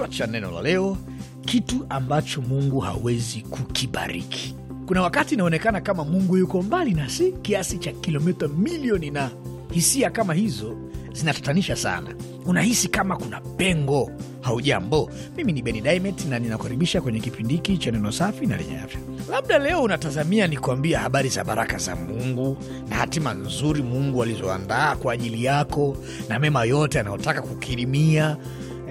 Kichwa cha neno la leo: kitu ambacho Mungu hawezi kukibariki. Kuna wakati inaonekana kama Mungu yuko mbali nasi kiasi cha kilomita milioni, na hisia kama hizo zinatatanisha sana. Unahisi kama kuna pengo. Haujambo, mimi ni Beni Dimet na ninakaribisha kwenye kipindi hiki cha neno safi na lenye afya. Labda leo unatazamia ni kuambia habari za baraka za Mungu na hatima nzuri Mungu alizoandaa kwa ajili yako na mema yote anayotaka kukirimia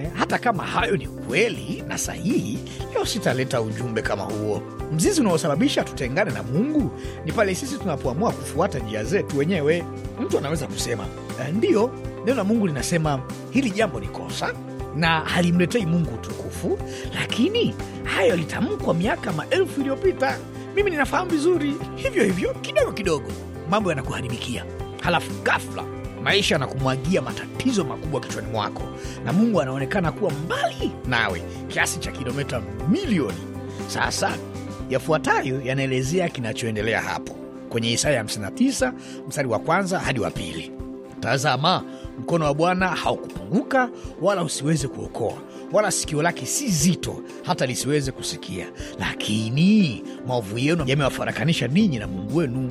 Eh, hata kama hayo ni kweli na sahihi, leo sitaleta ujumbe kama huo. Mzizi unaosababisha tutengane na Mungu ni pale sisi tunapoamua kufuata njia zetu wenyewe. Mtu anaweza kusema eh, ndiyo, neno la Mungu linasema hili jambo ni kosa na halimletei Mungu utukufu, lakini hayo litamkwa miaka maelfu iliyopita. Mimi ninafahamu vizuri. Hivyo hivyo kidogo kidogo mambo yanakuharibikia, halafu ghafla maisha anakumwagia matatizo makubwa kichwani mwako, na Mungu anaonekana kuwa mbali nawe kiasi cha kilometa milioni. Sasa yafuatayo yanaelezea kinachoendelea hapo kwenye Isaya 59 mstari wa kwanza hadi wa pili. Tazama, mkono wa Bwana haukupunguka wala usiweze kuokoa, wala sikio lake si zito hata lisiweze kusikia, lakini maovu yenu yamewafarakanisha ninyi na Mungu wenu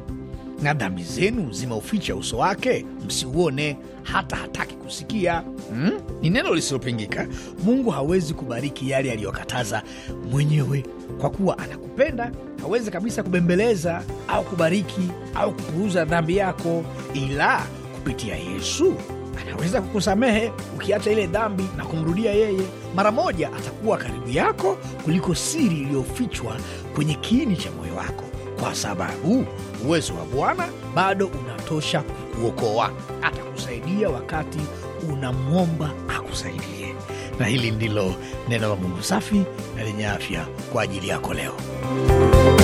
na dhambi zenu zimeuficha uso wake msiuone, hata hataki kusikia. Hmm? Ni neno lisilopingika. Mungu hawezi kubariki yale aliyokataza mwenyewe, kwa kuwa anakupenda. Hawezi kabisa kubembeleza au kubariki au kupuuza dhambi yako, ila kupitia Yesu anaweza kukusamehe ukiacha ile dhambi na kumrudia yeye. Mara moja atakuwa karibu yako kuliko siri iliyofichwa kwenye kiini cha moyo wako kwa sababu uwezo wa Bwana bado unatosha kukuokoa. Atakusaidia wakati unamwomba akusaidie. Na hili ndilo neno la Mungu safi na lenye afya kwa ajili yako leo.